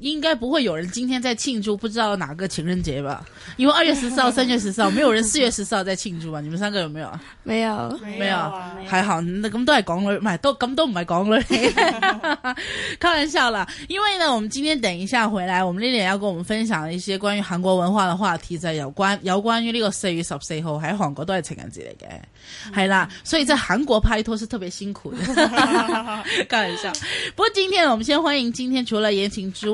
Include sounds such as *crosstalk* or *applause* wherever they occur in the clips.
應該不會有人今天在慶祝，不知道哪個情人節吧？因為二月十四號、三 *laughs* 月十四號，沒有人四月十四號在慶祝吧？你們三個有沒有？沒有，沒有，沒有啊、還好。咁、啊、都係港女，買、啊、都咁都唔係港女。了 *laughs* *laughs* 開玩笑啦，因為呢，我們今天等一下回來，我們 Lily 要跟我們分享一些關於韓國文化的話題，在有關有關於呢個四月十四號喺韓國都係情人節嚟嘅，係、嗯、啦。所以在韓國拍拖是特別辛苦嘅哈， *laughs* 開，玩 *laughs* *laughs* *laughs* 開玩笑。不過今天我們先歡迎今天除了言情之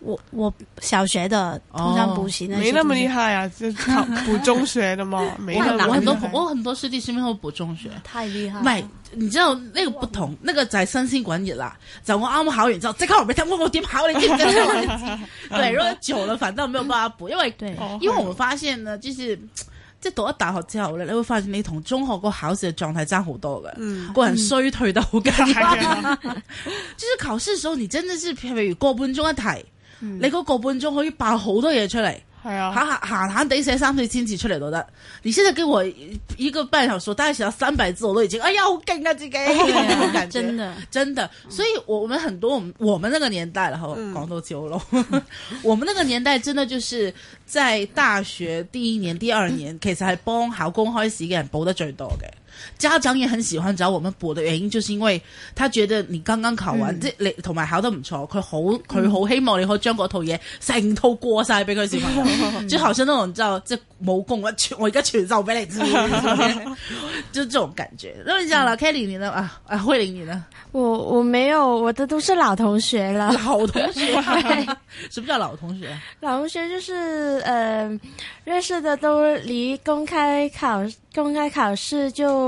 我我小學的，通常補習、哦，沒那麼厲害啊，就考補中學的嘛。 *laughs* 沒那麼 *laughs* 我很多 *laughs* 我很多師弟師妹都補中學，太厲害。唔係，你知道呢個不同，呢個就係新鮮滾熱啦。就我啱啱考完之後，即刻我俾聽，我我點考你？對，如果久了，反倒我沒有辦法補，因為對、哦、因為我發現呢，就是即係讀咗大學之後呢，你會發現你同中學個考試嘅狀態差好多嘅，個、嗯、人衰退得好尷尬。嗯、 *laughs* *laughs* *laughs* *laughs* 就是考試時候，你真的是譬如過半鐘一題。你嗰個半鐘可以爆好多嘢出嚟，係、嗯、啊，閒閒閒閒地寫三四千字出嚟都得，你現在給我一個半小時大概寫到三百字我都已經，哎呀好勁啊自己，我、這個、感覺、哦啊、真的真的，所以我我們很多，我們我們那個年代然後講多久咯我們那個年代真的就是在大學第一年、第二年，其實係幫考公開試嘅人補得最多嘅。家長也很喜歡找我們補的原因，就是因為他覺得你剛剛考完，即、嗯、你同埋考得不錯，佢好佢好希望你可以將嗰套嘢成套過晒俾佢小朋友、嗯，就好像那種即係即係武功，我全我而家傳授俾你， *laughs* 就這種感覺。那你樣老 Kelly 你呢？啊、嗯、啊，慧玲，你呢？我我沒有，我的都是老同學了。老同學， *laughs* 什麼叫老同學？老同學就是，嗯、呃、認識的都離公開考公開考試就。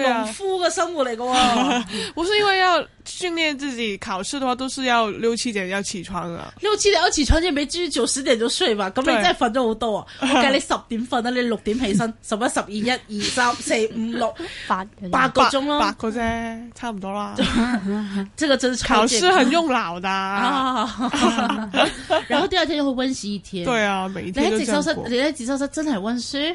農、啊、夫嘅生活嚟嘅、啊， *laughs* 我是因為要訓練自己考試的，考試嘅話都是要六七點要起床啊六七點要起床沒，就咪繼續九十點就睡吧咁你真係瞓咗好多啊！我計你十點瞓啊你六點起身，十一、十二、一、二、三 *laughs* 四、五、六、八八個鐘啦，八個啫，差唔多啦。 *laughs* 這個真係考試很用腦的、啊。 *laughs* *laughs* *laughs* 然後第二天就會温習一天。對啊，每一天你喺自修室，你喺自修室真係温書。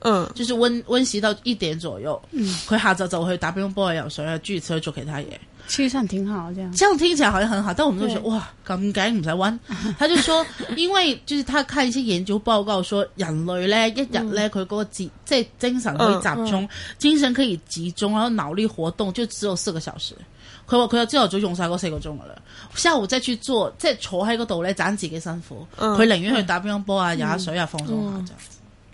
嗯， *music* 就是溫溫習到一點左右，佢、嗯、下晝就去打乒乓波啊，游水啊，聚去，去做其他嘢，其實算挺好。這樣，這樣聽起來好像很好，但我們都想，哇咁勁唔使溫。 *laughs* 他就說，因為就是他看一些研究報告說，說人類咧一日咧佢嗰個自，即係精神可以集中、嗯，精神可以集中，嗯、然後腦力活動就只有四個小時。佢話佢就朝頭早用晒嗰四個鐘噶啦，下午再去做，即係坐喺嗰度咧，盞自己辛苦。佢、嗯、寧願去打乒乓波啊，游下水啊，放鬆下就。嗯嗯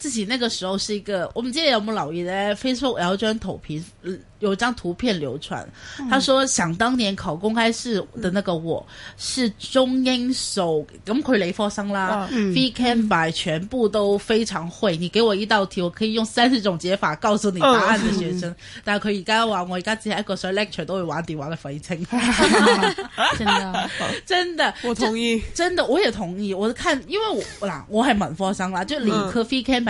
自己那個時候是一個，我們記得我們老爺咧 Facebook L 圈頭皮，有張圖片流傳，嗯。他說：“想當年考公開試的那個我，我、嗯、是中英數咁佢理科生啦，V K 版、嗯、全部都非常會。你給我一道題，我可以用三十種解法告訴你答案的學生。嗯、但係佢而家話，我而家只係一個上 lecture 都會玩地玩得廢青。嗯” *laughs* 真的，真的，我同意，真的我也同意。我看，因為我啦，我係文科生啦，就理科 V K 版、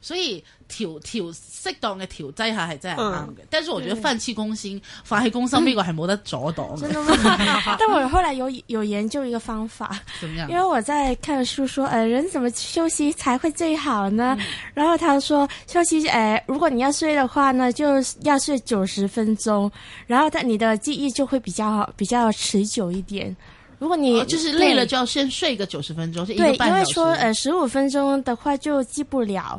所以調調適當的調劑下係真係、嗯、但是，我覺得放次攻心，放次攻心呢個係冇得阻擋嘅的的。 *laughs* 但我後來有有研究一個方法，怎麼樣，因為我在看書說，說呃人怎麼休息才會最好呢？嗯、然後他說休息誒、呃，如果你要睡的話呢，就要睡九十分鐘，然後你你的記憶就會比較比較持久一點。如果你、哦、就是累了就要先睡個九十分鐘，對，因為說呃十五分鐘的話就記不了。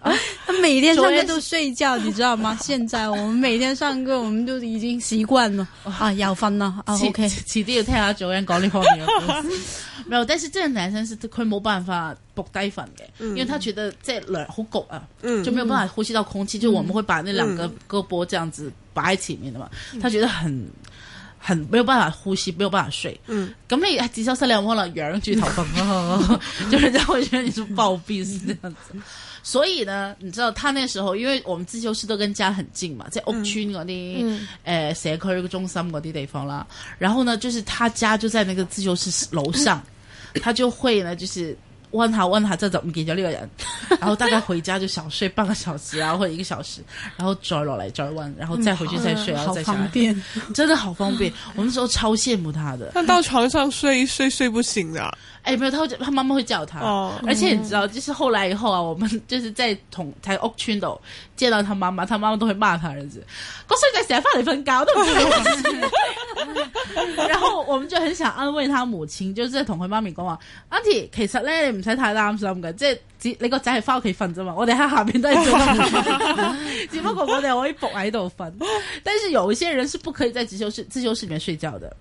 啊、他每天上課都睡覺，你知道嗎？現在我們每天上課，我們都已經習慣了 *laughs* 啊，要瞓了啊。Oh, OK，遲啲要聽下祖英講呢方面。 *laughs* 沒有，但是這個男生是，他沒辦法伏低瞓嘅，因為他覺得這係涼，好焗啊，嗯，就沒有辦法呼吸到空氣。嗯、就我們會把那兩個胳膊這樣子擺喺前面的嘛、嗯，他覺得很很沒有辦法呼吸，沒有辦法睡。嗯，咁你至少失聯我了，仰住頭瞓啊，剛剛 *laughs* *laughs* 就是就會覺得你是暴斃是這樣子。所以呢，你知道他那時候，因為我們自修室都跟家很近嘛，在屋邨嗰啲呃，社、嗯、區、嗯欸、中心嗰啲地方啦。然後呢，就是他家就在那個自修室樓上、嗯，他就會呢，就是問他問他這怎麼跟叫那個人，然後大概回家就想睡半個小時啊， *laughs* 或者一個小時，然後再 o i n 落然後再回去再睡、啊，然、嗯、後、啊、再下來。好方便，真的好方便。嗯、我那時候超羨慕他的。但到床上睡 *laughs* 睡睡不醒的、啊。哎、欸，沒有，他會叫他媽媽會叫他、哦，而且你知道，就是後來以後啊，我們就是在同台屋村度見到他媽媽，他媽媽都會罵他兒子，個衰仔係翻嚟瞓覺。都 *laughs* *laughs* 然後我們就很想安慰他母親，就是在同佢媽咪講話，Auntie *laughs* 其實呢，你唔使太擔心噶，即係只你個仔係翻屋企瞓啫嘛，我哋喺下邊都係做， *laughs* *laughs* 只不過我哋可以伏喺度瞓。 *laughs* 但是有一些人是不可以在自修室、自修室裏面睡覺的。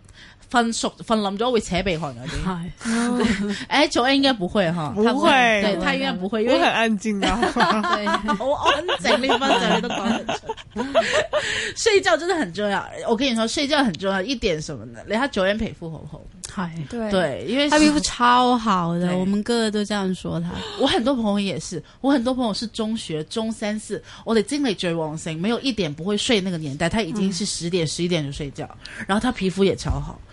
瞓熟瞓冧就會扯鼻鼾嗰啲，係、嗯，九、 *laughs* *laughs* *laughs* 欸、Joey 應該不會哈，不會，他對，對他應該不會，因我很安靜的、啊、 *laughs* *laughs* 對好安靜，你瞓覺你都講唔出， *laughs* 睡覺真的很重要，我跟你說睡覺很重要一點什麼呢？你睇 Joey 皮膚好不好，係 *laughs* 對，因為他皮膚超好的，我們個個都這樣說他，我很多朋友也是，我很多朋友是中學中三四，我的經歷 Joey 沒有一點不會睡，那個年代，他已經是十點、嗯、十一點就睡覺，然後他皮膚也超好。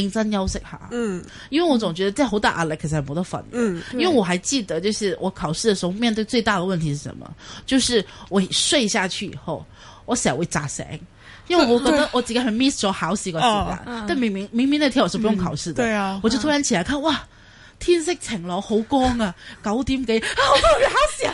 認真休息下，嗯，因為我總覺得即係好大壓力，其實係冇得瞓。嗯，因為我還記得就是我考試嘅時候面對最大嘅問題是什麼？就是我睡下去以後我成日會扎醒，因為我覺得我自己去 miss 咗考試嗰時間。對，但明明，明明那天我是不用考試的，對啊，我就突然起身睇，哇，天色晴朗好光啊， *laughs* 九點幾啊，我去考試啊！ *laughs*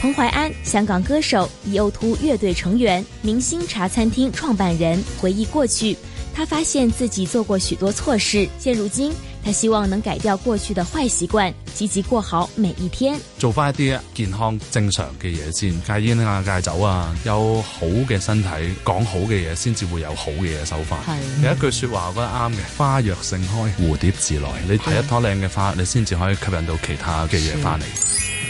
彭懷安，香港歌手，E.O.2 樂隊成員，明星茶餐廳創辦人，回憶過去，他發現自己做過許多錯事，現如今，他希望能改掉過去的壞習慣，積極過好每一天。做翻一啲健康正常嘅嘢先，戒煙啊，戒酒啊，有好嘅身體，講好嘅嘢，先至會有好嘅嘢收穫。係有一句說話我覺得啱嘅，花若盛開，蝴蝶自來。你係一朵靚嘅花，你先至可以吸引到其他嘅嘢翻嚟。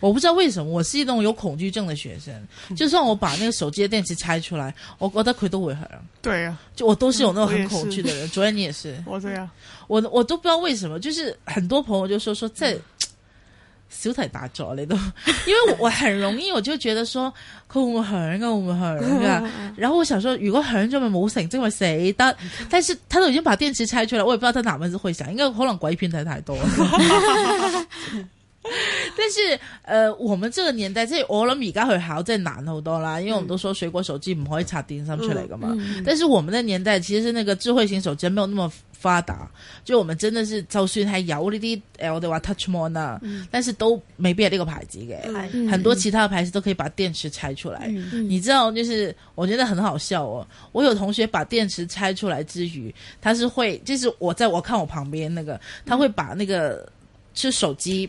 我不知道為什麼，我是一種有恐懼症的學生、嗯。就算我把那個手機的電池拆出來，我覺得佢都會響。對呀、啊，就我都是有那種很恐懼的人。昨天你也是，也是 *laughs* 我這樣，我我都不知道為什麼。就是很多朋友就說說在、嗯、小台打著你都，因為我很容易我就覺得說會唔會響啊會唔會響啊， *laughs* 然後我想說如果響就咪冇成，即係咪死得但， *laughs* 但是他都已經把電池拆出來，我也不知道他哪門是會響，應該可能鬼片睇太多。 *laughs* *laughs* *laughs* 但是，呃，我們這個年代，即係我諗而家佢考真係難好多啦，因為我們都說水果手機唔可以拆電芯出嚟嘛、嗯嗯。但是我們的年代，其實是那個智慧型手機沒有那麼發達，就我們真的是的、哎、我就算係有啲誒，我哋話 touch more 呢、嗯，但是都沒必要這個牌子嘅、嗯，很多其他的牌子都可以把電池拆出來、嗯嗯。你知道，就是我覺得很好笑哦。我有同學把電池拆出來之餘，他是會，就是我在我看我旁邊那個，他會把那個、嗯、即係手機。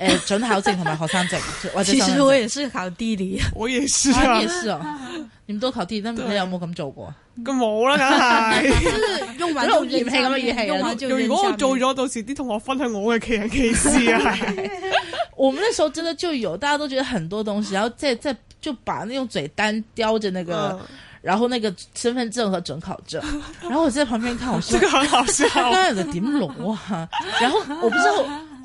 誒，准考證同埋學生證，其實我也是考地理，我也是、啊，我、啊、也是哦。你們都考地理，但你有冇咁做過？咁冇啦，係用埋好嫌棄咁嘅語氣。就就然後就如果我做咗，到時啲同學分享我嘅奇人奇事啊！我們, *laughs* 是 *laughs* 我們那時候真的就有，大家都覺得很多東西，然後再再就把那種嘴單叼着那個、嗯，然後那個身份證和准考證，然後我在旁邊看，我說這個很好笑，應 *laughs* 該有點攞啊， *laughs* 然後我不知道。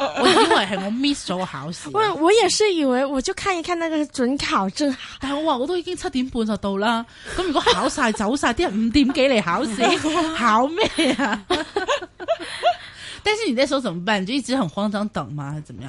*laughs* 我以為係我 miss 咗考試， *laughs* 我我也是以為我就看一看那個準考證。 *laughs* 但係我話我都已經七點半就到啦，咁如果考晒走晒，啲人五點幾嚟考試， *laughs* 考咩麼啊？ *laughs* *laughs* 但是你那時候怎麼辦？你就一直很慌張等嗎？還是怎麼樣？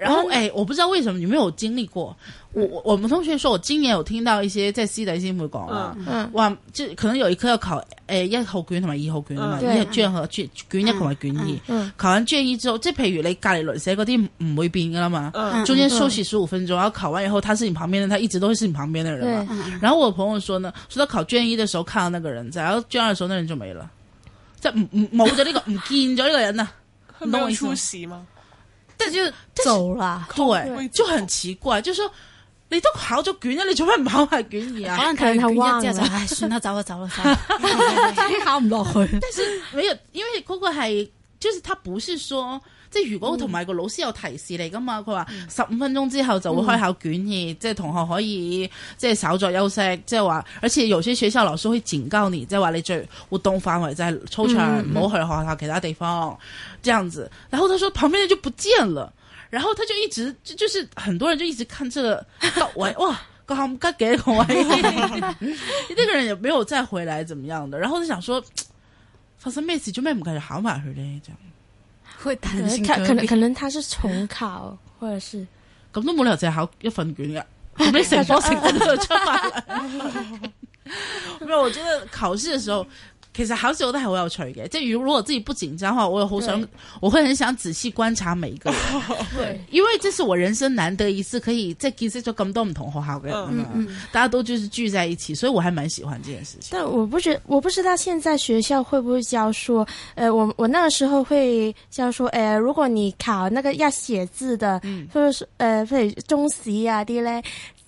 然後哎，我不知道為什麼你們有經歷過。我我我們同學說，我今年有聽到一些在私底下先會講嘛，哇，就可能有一科要考誒、哎、一號卷同埋二號卷嘛，嗯、一卷和卷卷一同埋卷二。考完卷一之後，即係譬如你隔籬鄰舍嗰啲唔會變噶啦嘛、嗯，中間休息十五分鐘，然後考完以後，他是你旁邊的，他一直都會是你旁邊的人嘛。嗯、然後我朋友說呢，說他考卷一的時候看到那個人在，然後卷二的時候那人就沒了，即係唔唔冇咗呢個，唔見咗呢個人啊，出事嘛？ *laughs* 但就走啦，但走啦，對，對就很奇怪，就，就說你都考咗卷，卷，卷、啊、卷一，你做咩唔考係卷二啊？可能佢卷一之後， *laughs* 唉，算啦，走啦，走啦，已經考唔落去。 *laughs* 但是， *laughs* 但是沒有，因為嗰個係，就是他不是說。即係如果同埋個老師有提示你噶嘛，佢話十五分鐘之後就會開考卷嘅，即、嗯、係、就是、同學可以即係稍作休息，即係話。而且有些學校老師會警告你，在、就、話、是、你最活動範圍就係操場，唔、嗯、好去學校其他地方、嗯，這樣子。然後他說旁邊人就不見了，然後他就一直就就是很多人就一直看這個，位 *laughs* 哇，咁刺激嘅，呢 *laughs* *laughs* 個人又沒有再回來，怎麼樣的？然後他想說，發生咩事做咩唔繼續考埋佢呢，咁。會擔心可能可能，可能他是重考， *laughs* 或者是咁都冇理由淨係考一份卷噶，後尾成波成波就出發啦。沒有，我覺得考試的時候。其實好久都係好有趣嘅。這係，如如果自己不緊張的話，我好想我會很想仔細觀察每一個人， *laughs* 對，因為這是我人生難得一次可以即係見識咗咁多不同的學校嘅，嗯嗯，嗯大家都就是聚在一起，所以我還蠻喜歡這件事情。但我不覺，我不知道現在學校會不會教說呃我我那個時候會教說呃如果你考那個要寫字的，嗯，或者係誒中史啊啲咧。對嘞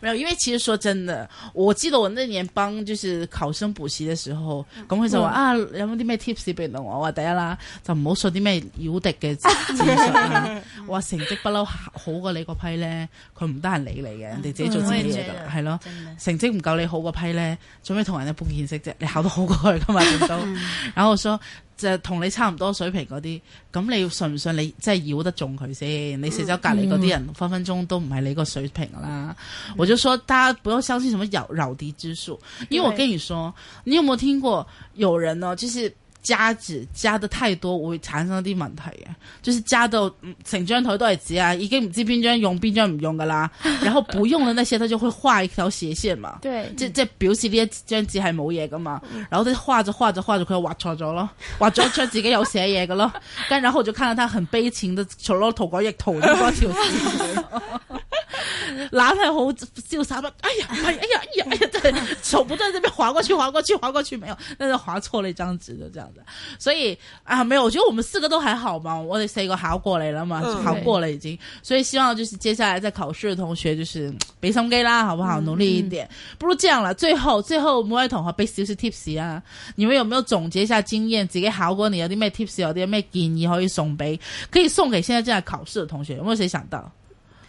沒有，因為其實說真的，我知道我那年幫就是考生補習的時候，咁、嗯、佢就話、嗯、啊，有冇啲咩 tips 俾我？我話第一啦，就唔好信啲咩妖敵嘅戰術啊！我、啊嗯、成績不嬲好過你嗰批咧，佢唔得閒理你嘅，人哋自己做自己嘢噶，係、嗯、咯、嗯嗯。成績唔夠你好嗰批咧，做咩同人一般見識啫？你考得好過去噶嘛，咁都、嗯，然後我說。就同你差唔多水平嗰啲，咁你信唔信？你即係繞得中佢先、嗯？你四周隔離嗰啲人分分鐘都唔係你個水平啦、嗯。我就說大家不要相信什麼繞繞地之術，因為我跟你說，你有冇聽過有人呢、啊？就是。.加紙加得太多會產生啲問題嘅、啊，就是加到成張台都係紙啊，已經唔知邊張用邊張唔用噶啦。 *laughs* 然後不用的那些，他就會畫一條斜線嘛，即即係表示呢一張紙係冇嘢噶嘛、嗯。然後佢畫着畫着畫着，佢又畫錯咗咯，畫咗張自己有寫嘢噶咯。跟 *laughs* 然後我就看到他很悲情的，除咗塗改液塗咗嗰條線，懶係好瀟灑，哎呀哎呀哎呀哎呀，哎呀對，手不斷這邊劃過去劃過去劃過去，沒有，但是劃錯了一張紙就這樣。所以啊，沒有，我覺得我們四個都還好嘛，我哋四個考過來了嘛，嗯、考過了已經，所以希望就是接下來在考試的同學就是俾心機啦，好不好？努力一點。嗯嗯、不如這樣了，最後最後，每 Base，就是 tips 啊，你們有沒有總結一下經驗？自己考過你有啲咩 tips，有啲咩建議可以送俾，可以送給現在正在考試的同學？有冇誰想到？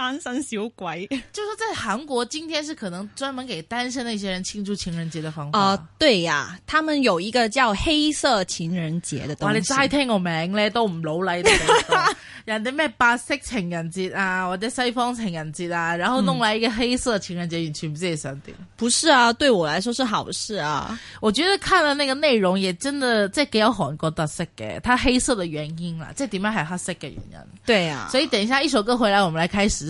單身小鬼，就說在韓國，今天是可能專門給單身那些人慶祝情人節的方法啊、呃，對呀，他們有一個叫黑色情人節的東西。哇，你齋聽個名咧都唔努力， *laughs* 人哋咩白色情人節啊，或者西方情人節啊，然後弄來一個黑色情人節，你、嗯、全部自己刪掉。不是啊，對我來說是好事啊，我覺得看了那個內容也真的這幾有韓國特色嘅，它黑色的原因啦，即點解係黑色嘅原因？對啊，所以等一下一首歌回來，我們來開始。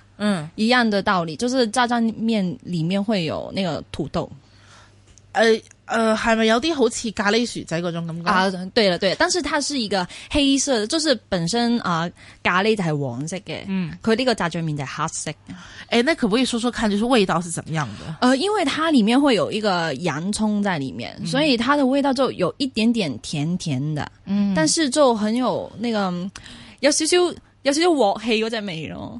嗯，一樣的道理，就是炸醬麵裡面會有那個土豆。呃，誒、呃，係咪有啲好似咖喱薯仔嗰種感覺？啊，對了對了，但是它是一個黑色的，就是本身啊、呃、咖喱就係黃色嘅，嗯，佢呢個炸醬麵就是黑色。哎、欸，那可唔可以說說看，就是味道是怎麼樣的？呃因為它裡面會有一個洋葱在裡面、嗯，所以它的味道就有一點點甜甜的，嗯，但是就很有那個有少少有少少鑊氣嗰隻味咯。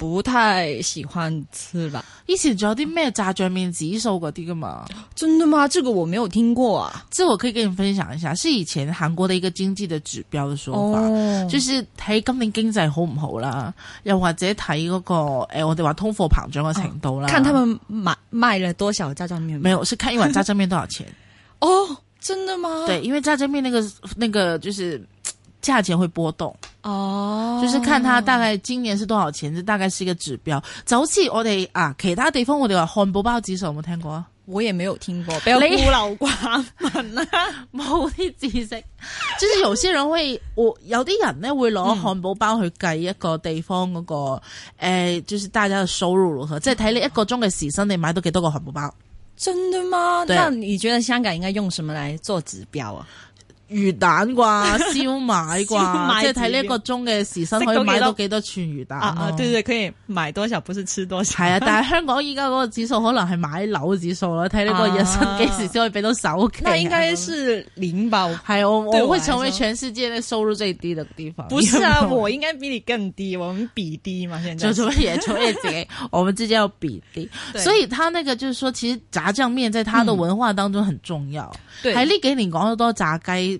不太喜歡吃吧？以前仲有啲咩炸醬麵指數嗰啲噶嘛？真的嗎？這個我沒有聽過啊。這我可以跟你分享一下，是以前韓國的一個經濟的指標的說法，哦、就是睇今年經濟好唔好啦，又或者睇嗰、那個誒、欸，我哋話通貨膨脹嘅程度啦。哦、看他們賣賣了多少炸醬麵嗎？沒有，是看一碗炸醬麵多少錢？ *laughs* 哦，真的嗎？對，因為炸醬麵那個那個就是。價錢會波動哦，就是看他大概今年是多少錢，這大概是一個指標。就好似我哋啊，其他地方我哋話漢堡包指數，有冇聽過啊？我也沒有聽過，俾我孤陋寡聞啦，冇啲知識。就是有些人會， *laughs* 我有啲人咧會攞漢堡包去計一個地方嗰，那個誒、嗯呃，就是大家嘅收入如何，即係睇你一個鐘嘅時、時薪你買到幾多個漢堡包。真的嗎？對？那你覺得香港應該用什麼嚟做指標啊？魚蛋啩，燒賣啩， *laughs* 即係睇呢一個鐘嘅時薪可以買到幾多串魚蛋啊。啊啊，對，對對，可以買多少，不是吃多少。係啊，但係香港依家嗰個指數可能係買樓指數啦，睇、啊、呢個人薪幾時先可以俾到手、啊。那應該是零吧？係我，我，我會成為全世界嘅收入最低的地方。不是啊是，我應該比你更低，我們比低嘛。現在越出越精， *laughs* *laughs* 我們之間要比低。所以他那個就是說，其實炸醬麵在他的文化當中很重要。喺呢幾年講得多炸雞。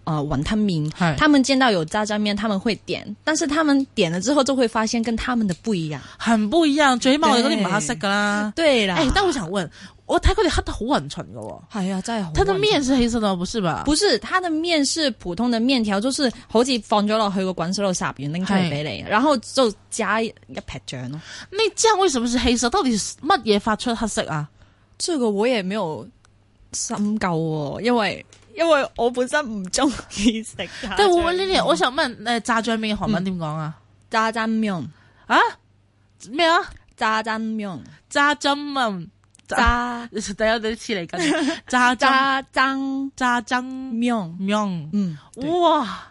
呃，雲吞麵，他們見到有炸醬麵，他們會點，但是他們點了之後就會發現跟他們的不一樣，很不一樣。最起碼我都唔係黑色噶啦對，對啦。哎，但我想問，我睇佢哋黑得好均勻的哦，係呀，真係好均勻。他的麵是黑色的，不是吧？不是，他的麵是普通的麵條，就是好似放咗落去個滾水度烚完拎出嚟俾你，然後就加一撇醬咯。那醬為什麼是黑色？到底乜嘢發出黑色啊？這個我也沒有深究哦，因為。因為我本身唔中意食，即係我呢啲、嗯，我想問，誒、呃，炸醬麵嘅韓文點講、嗯、啊？炸醬麵啊？咩啊？炸醬麵，炸醬麵，炸，大家對啲詞嚟噶，炸醬，炸醬麵，麵， *laughs* 嗯，哇！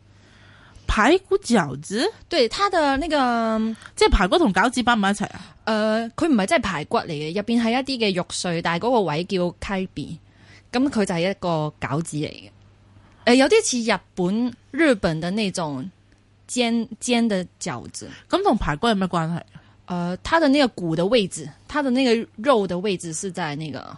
排骨餃子？對，它的呢個即係排骨同餃子包埋一齊啊？誒、呃，佢唔係真係排骨嚟嘅，入邊係一啲嘅肉碎，但係嗰個位叫 kibi，咁佢就係一個餃子嚟嘅，誒、呃，有啲似日本日本嘅那種煎煎嘅餃子。咁、嗯、同、嗯、排骨有咩關係？誒、呃，它的那個骨的位置，它的那個肉的位置是在那個。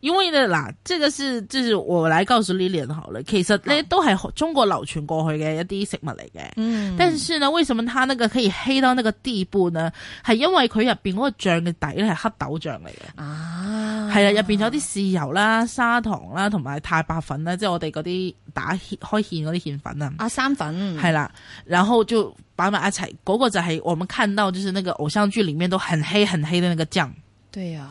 因為咧嗱，這個是就是我來告訴你臉好了，其實咧都係中國流傳過去嘅一啲食物嚟嘅。嗯，但是呢，為什麼它那個可以黑到那個地步呢？係因為佢入邊嗰個醬嘅底咧係黑豆醬嚟嘅啊，係啦，入邊有啲豉油啦、砂糖啦、同埋太白粉啦，即係我哋嗰啲打開芡嗰啲芡粉啊。啊，生粉係啦，然後就擺埋一齊，嗰、那個就係我們看到就是那個偶像劇裏面都很黑很黑的那個醬。對啊。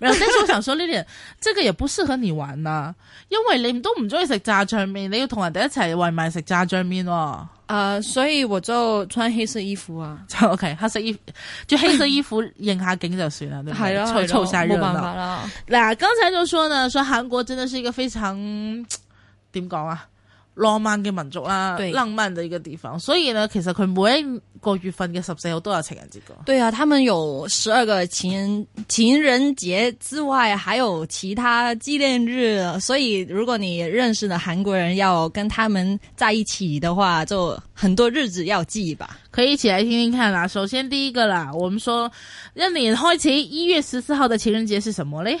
我 *laughs* 真我想說呢啲人， *laughs* 這個也不適合你玩啊，因為你都唔中意食炸醬麵，你要同人哋一齊圍埋食炸醬麵，啊。誒、呃，所以我就穿黑色衣服啊，就 *laughs* OK，黑色衣服，就黑色衣服影 *coughs* 下景就算啦，係咯，湊晒熱鬧，冇辦法啦。嗱，剛才就說呢，說韓國真的是一個非常點講啊。浪漫嘅民族啦、啊，浪漫嘅一個地方，所以呢，其實佢每一個月份嘅十四號都有情人節過。對啊，他們有十二個情情人節之外，還有其他紀念日，所以如果你認識的韓國人要跟他們在一起的話，就很多日子要記吧。可以一起來聽聽看啦、啊。首先第一個啦，我們說，讓你開啟一月十四號的情人節是什麼咧？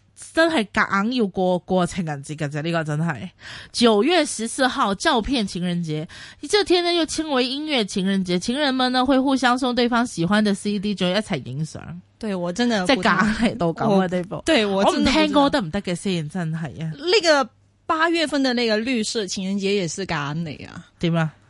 真係感恩要過過情人節㗎啫，呢個真係。九月十四號照片情人節，這天呢又稱為音樂情人節，情人們呢會互相送對方喜歡的 CD，仲要一齊影相。對我真的在感恩都感恩對不？對我，我唔聽歌得唔得嘅先，真係呀。呢個八月份的那個綠色情人節也是感恩呀？對嗎？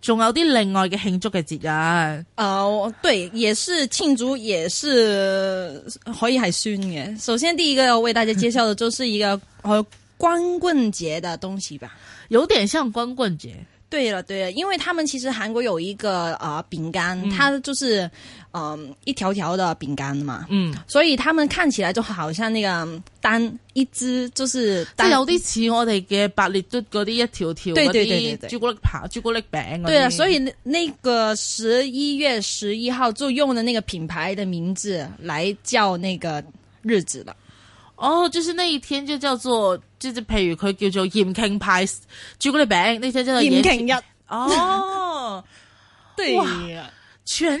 仲有啲另外嘅慶祝嘅節日，啊，對，也是慶祝，也是可以係酸嘅。首先第一個要為大家介紹嘅，就是一個誒，光棍節嘅東西吧，有點像光棍節。對了對了，因為他們其實韓國有一個呃餅乾、嗯，它就是嗯、呃、一條條的餅乾嘛，嗯，所以他們看起來就好像那個單一隻就是單，即有啲似我哋嘅百利都嗰啲一條條的對，對，對對對，朱古力排朱古力餅，對啊，所以那那個十一月十一號就用的那個品牌的名字來叫那個日子了。哦，就是那一天就叫做，就是譬如佢叫做鹽慶派朱古力餅，那天叫做鹽慶日。哦， *laughs* 對呀，全。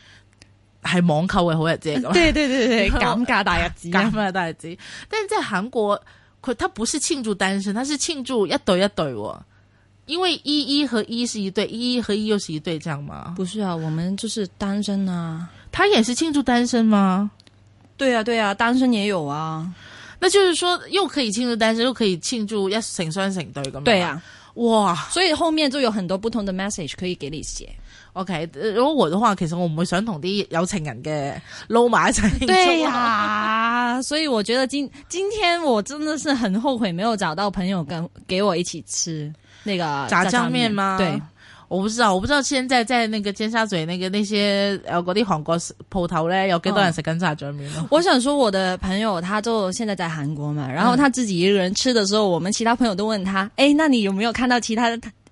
係網購嘅好日子， *laughs* 對對對對，減價大日子，啊，減 *laughs* 價大日子。但在韓國佢，他不是慶祝單身，他是慶祝一對一對喎，哦，因為一一和一是一對，一一和一又是一對，這樣嘛？不是啊，我們就是單身啊。他也是慶祝單身嗎？對啊，對啊，單身也有啊。那就是說，又可以慶祝單身，又可以慶祝一成雙成對咁。對啊，哇！所以後面就有很多不同的 message 可以給你寫。OK，如果我的話，其實我唔會想同啲有情人嘅撈埋一齊。對呀， *laughs* 所以我覺得今今天我真的是很後悔，沒有找到朋友跟給我一起吃那個炸醬麵嗎？對，我不知道，我不知道現在在那個尖沙咀那個那些呃嗰啲韓國鋪頭呢，有幾多人食緊炸醬麵。我想說，我的朋友，他就現在在韓國嘛，然後他自己一個人吃的時候、嗯，我們其他朋友都問他，誒、欸，那你有沒有看到其他？的？」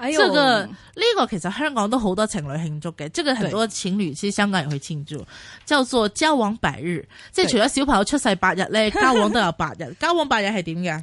哎、這個呢、這個其實香港都好多情侶慶祝嘅，即係很多情侶喺、這個、香港人去慶祝，叫做交往百日，即係除咗小朋友出世百日咧，交往都有百日， *laughs* 交往百日係點嘅？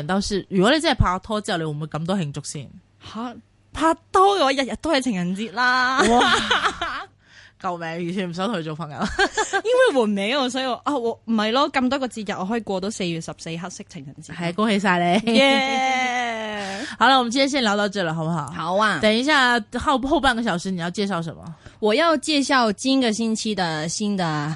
是如果你真係拍咗拖之後，你會唔會咁多慶祝先？吓，拍拖嘅話，日日都係情人節啦！哇 *laughs* 救命！完全唔想同佢做朋友， *laughs* *laughs* 因為換名我沒有所以啊，我唔係咯，咁多個節日我可以過到四月十四黑色情人節，係恭喜晒你！耶、yeah! *laughs* 好了，我們今天先聊到這了，好不好？好啊！等一下後後半個小時你要介紹什麼？我要介紹今個星期的新嘅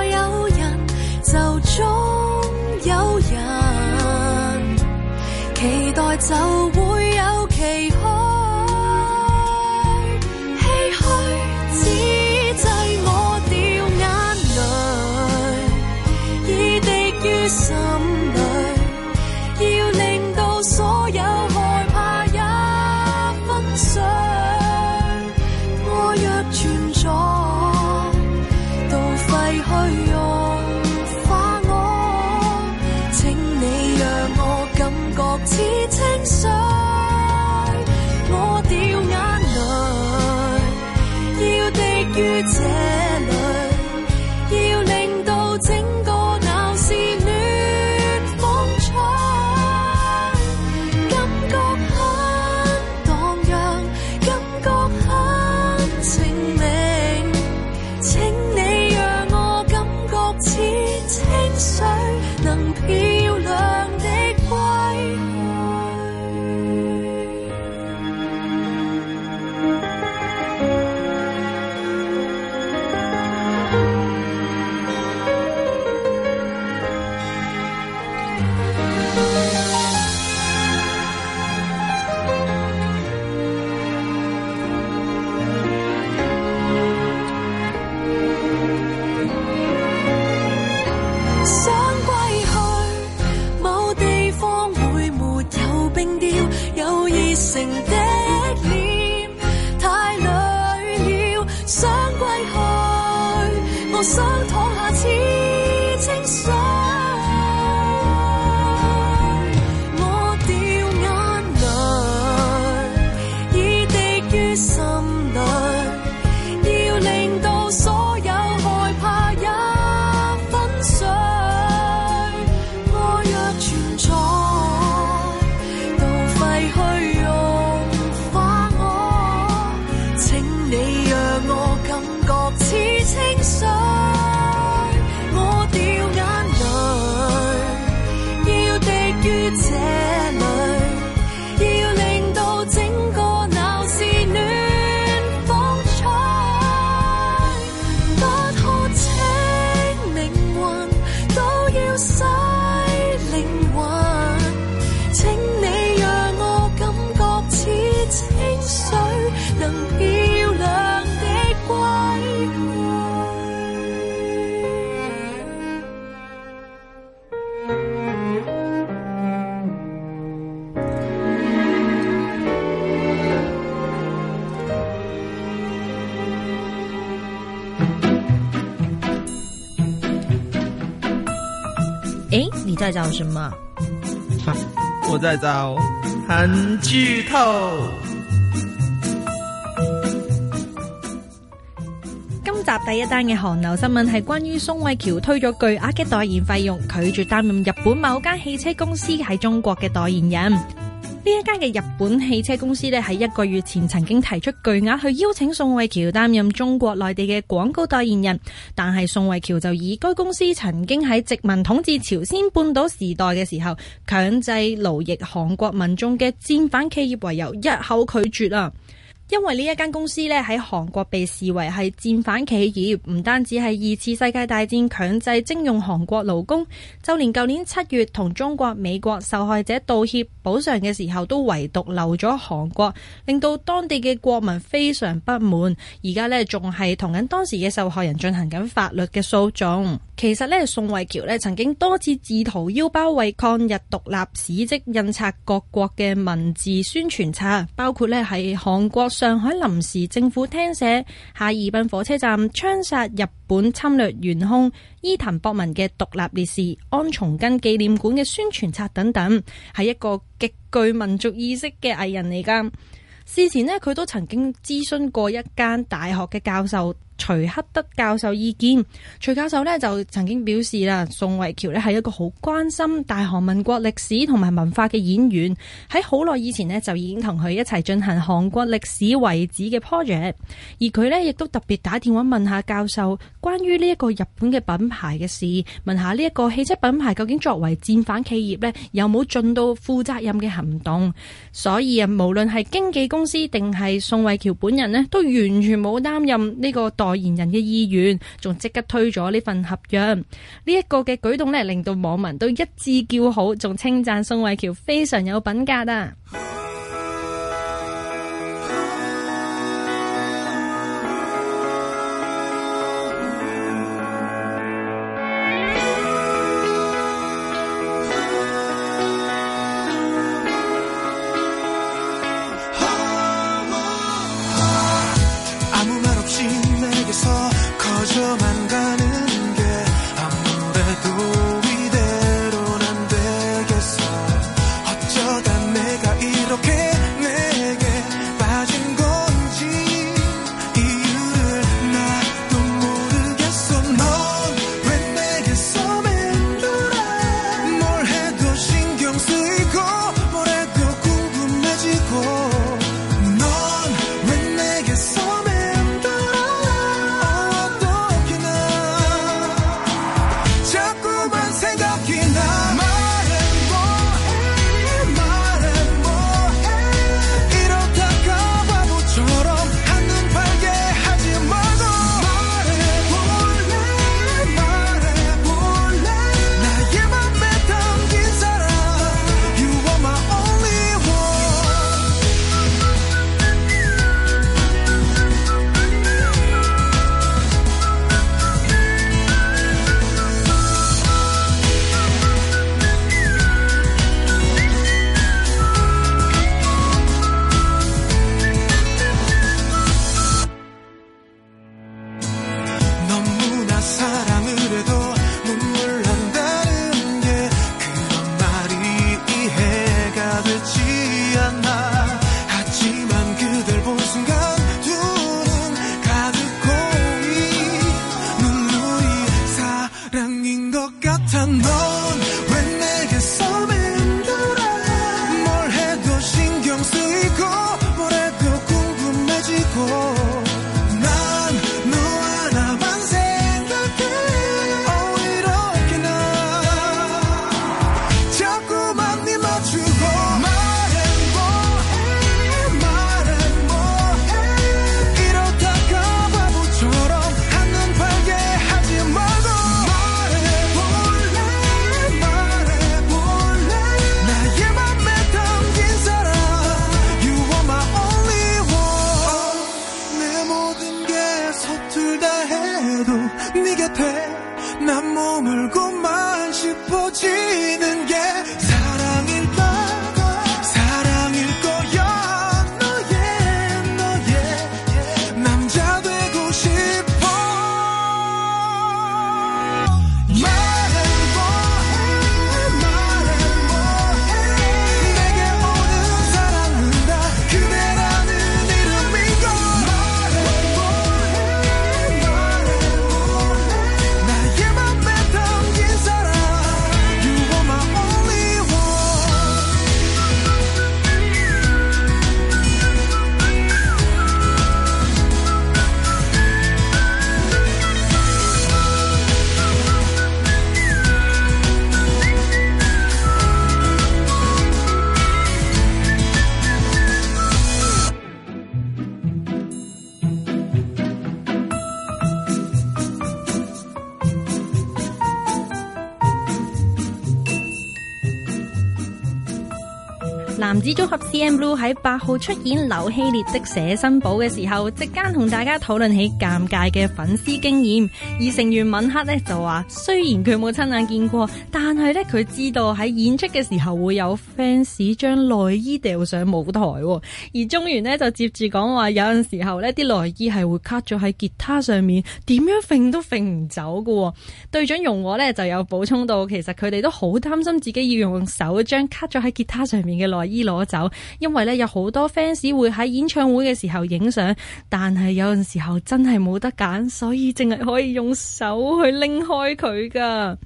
找、就是、什麼？我在找很巨頭。今集第一單嘅韓流新聞係關於宋慧喬推咗巨額嘅代言費用，拒絕擔任日本某間汽車公司喺中國嘅代言人。呢一間嘅日本汽車公司咧，喺一個月前曾經提出巨額去邀請宋慧喬擔任中國內地嘅廣告代言人，但係宋慧喬就以該公司曾經喺殖民統治朝鮮半島時代嘅時候強制奴役韓國民眾嘅戰犯企業為由，一口拒絕啊！因為呢一間公司呢喺韓國被視為係戰犯企業，唔單止係二次世界大戰強制徵用韓國勞工，就連舊年七月同中國、美國受害者道歉補償嘅時候，都唯獨漏咗韓國，令到當地嘅國民非常不滿。而家呢，仲係同緊當時嘅受害人進行緊法律嘅訴訟。其實呢，宋慧喬呢曾經多次自掏腰包為抗日獨立史蹟印刷各國嘅文字宣傳冊，包括呢係韓國。上海臨時政府聽寫哈爾濱火車站槍殺日本侵略元凶伊藤博文嘅獨立烈士安重根紀念館嘅宣傳冊等等，係一個極具民族意識嘅藝人嚟㗎。事前呢，佢都曾經諮詢過一間大學嘅教授。徐克德教授意見。徐教授咧就曾經表示啦，宋慧喬咧係一個好關心大韓民國歷史同埋文化嘅演員，喺好耐以前咧就已經同佢一齊進行韓國歷史遺址嘅 project，而佢咧亦都特別打電話問下教授關於呢一個日本嘅品牌嘅事，問下呢一個汽車品牌究竟作為戰犯企業咧有冇盡到負責任嘅行動，所以啊，無論係經紀公司定係宋慧喬本人咧，都完全冇擔任呢個代代言人嘅意願，仲即刻推咗呢份合約，呢一個嘅舉動呢，令到網民都一致叫好，仲稱讚宋慧喬非常有品格啊！組合 CM Blue 喺八號出演劉希烈的《寫生簿》嘅時候，席間同大家討論起尷尬嘅粉絲經驗，而成員敏克咧就話：雖然佢冇親眼見過，但係咧佢知道喺演出嘅時候會有。fans 將內衣掉上舞台，而中原呢就接住講話，有陣時候呢啲內衣係會卡咗喺吉他上面，點樣揈都揈唔走噶。隊長容和呢就有補充到，其實佢哋都好擔心自己要用手將卡咗喺吉他上面嘅內衣攞走，因為呢有好多 fans 會喺演唱會嘅時候影相，但係有陣時候真係冇得揀，所以淨係可以用手去拎開佢噶。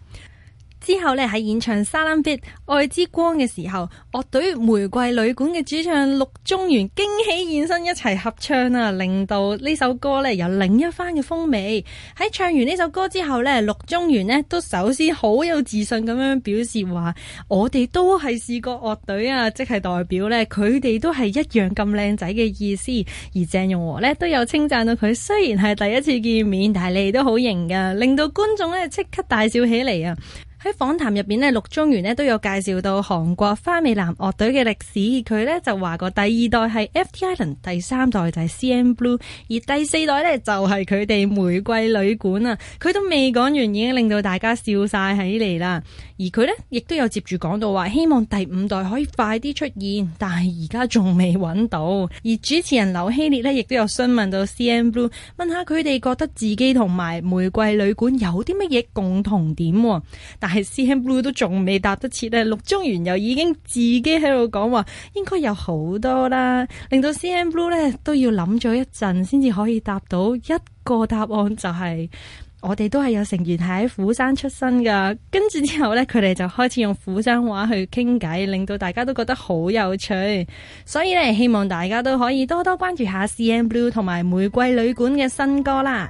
之後咧喺演唱《沙冷 bit 愛之光》嘅時候，樂隊《玫瑰旅館》嘅主唱陸中元驚喜現身一齊合唱啊，令到呢首歌咧有另一番嘅風味。喺唱完呢首歌之後咧，陸中元呢都首先好有自信咁樣表示話：我哋都係視覺樂隊啊，即係代表咧，佢哋都係一樣咁靚仔嘅意思。而鄭容和呢都有稱讚到佢，雖然係第一次見面，但係你哋都好型噶，令到觀眾咧即刻大笑起嚟啊！喺訪談入邊咧，陸忠源咧都有介紹到韓國花美男樂隊嘅歷史。佢咧就話過第二代係 FT Island，第三代就係 CNBLUE，而第四代就係佢哋玫瑰旅館啊。佢都未講完，已經令到大家笑晒起嚟啦。而佢咧亦都有接住講到話，希望第五代可以快啲出現，但係而家仲未揾到。而主持人劉希烈咧，亦都有詢問到 CNBLUE，問下佢哋覺得自己同埋玫瑰旅館有啲乜嘢共同點，但係 CM Blue 都仲未答得切咧，六宗完又已經自己喺度講話，應該有好多啦，令到 CM Blue 咧都要諗咗一陣先至可以答到一個答案，就係、是、我哋都係有成員喺釜山出身噶。跟住之後咧，佢哋就開始用釜山話去傾偈，令到大家都覺得好有趣。所以咧，希望大家都可以多多關注一下 CM Blue 同埋玫瑰旅館嘅新歌啦。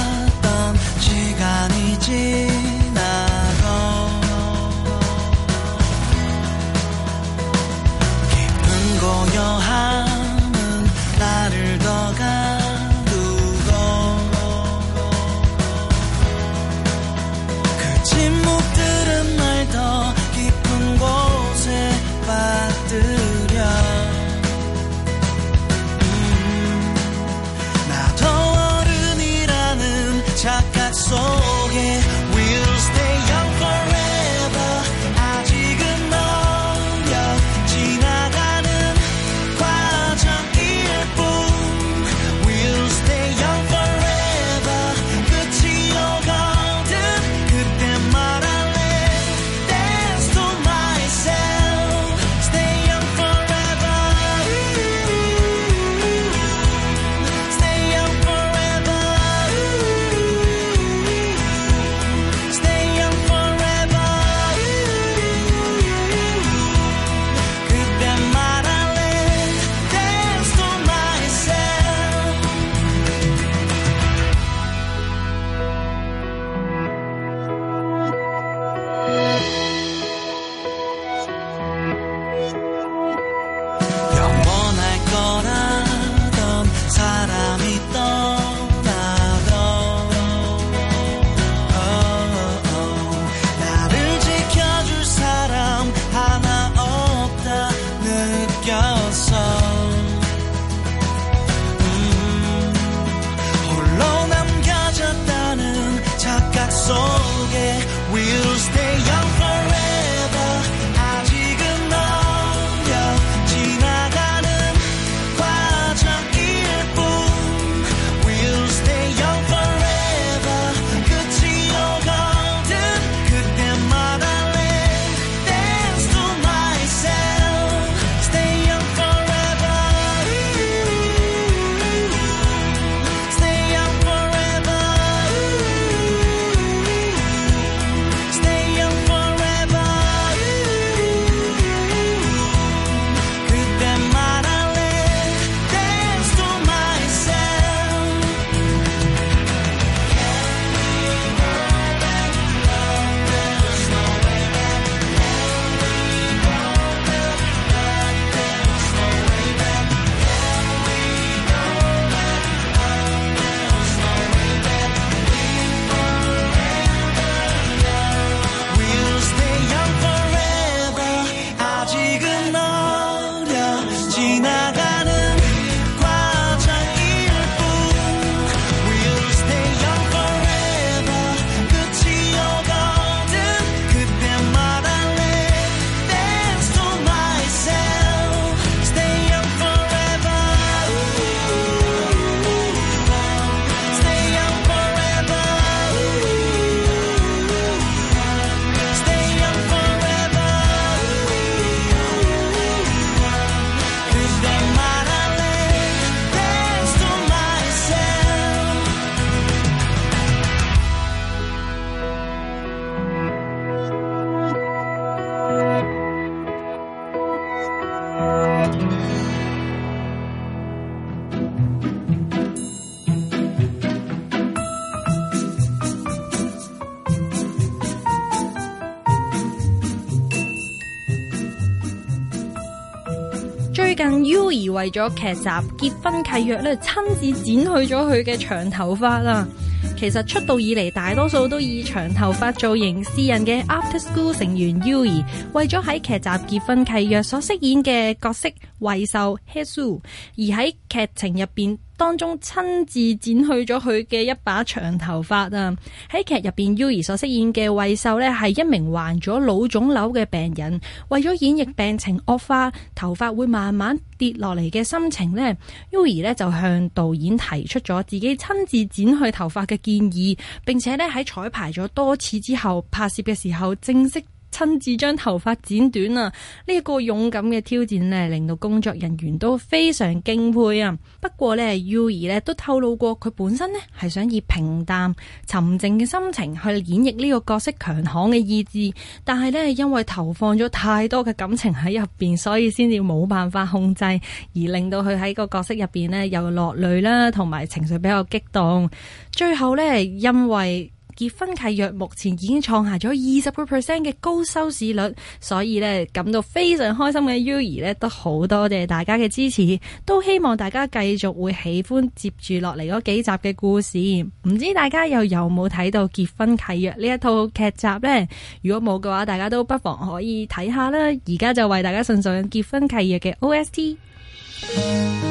為咗劇集《結婚契約》咧，親自剪去咗佢嘅長頭髮啦。其實出道以嚟，大多數都以長頭髮造型示人嘅 After School 成員 UEE 為咗喺劇集《結婚契約》所飾演嘅角色惠秀 Hesu 而喺劇情入邊。當中親自剪去咗佢嘅一把長頭髮啊！喺劇入邊，Yui 所飾演嘅衛秀咧係一名患咗腦腫瘤嘅病人，為咗演繹病情惡化、頭髮會慢慢跌落嚟嘅心情咧，Yui 咧就向導演提出咗自己親自剪去頭髮嘅建議，並且咧喺彩排咗多次之後拍攝嘅時候正式。親自將頭髮剪短啊！呢個勇敢嘅挑戰令到工作人員都非常敬佩啊。不過呢，YUI 呢都透露過，佢本身呢係想以平淡沉靜嘅心情去演繹呢個角色強悍嘅意志，但係呢，因為投放咗太多嘅感情喺入邊，所以先至冇辦法控制，而令到佢喺個角色入邊呢又落淚啦，同埋情緒比較激動。最後呢，因為。結婚契約目前已經創下咗二十個 percent 嘅高收視率，所以咧感到非常開心嘅 U 兒咧，都好多謝大家嘅支持，都希望大家繼續會喜歡接住落嚟嗰幾集嘅故事。唔知大家又有冇睇到結婚契約呢一套劇集呢？如果冇嘅話，大家都不妨可以睇下啦。而家就為大家送上結婚契約嘅 OST。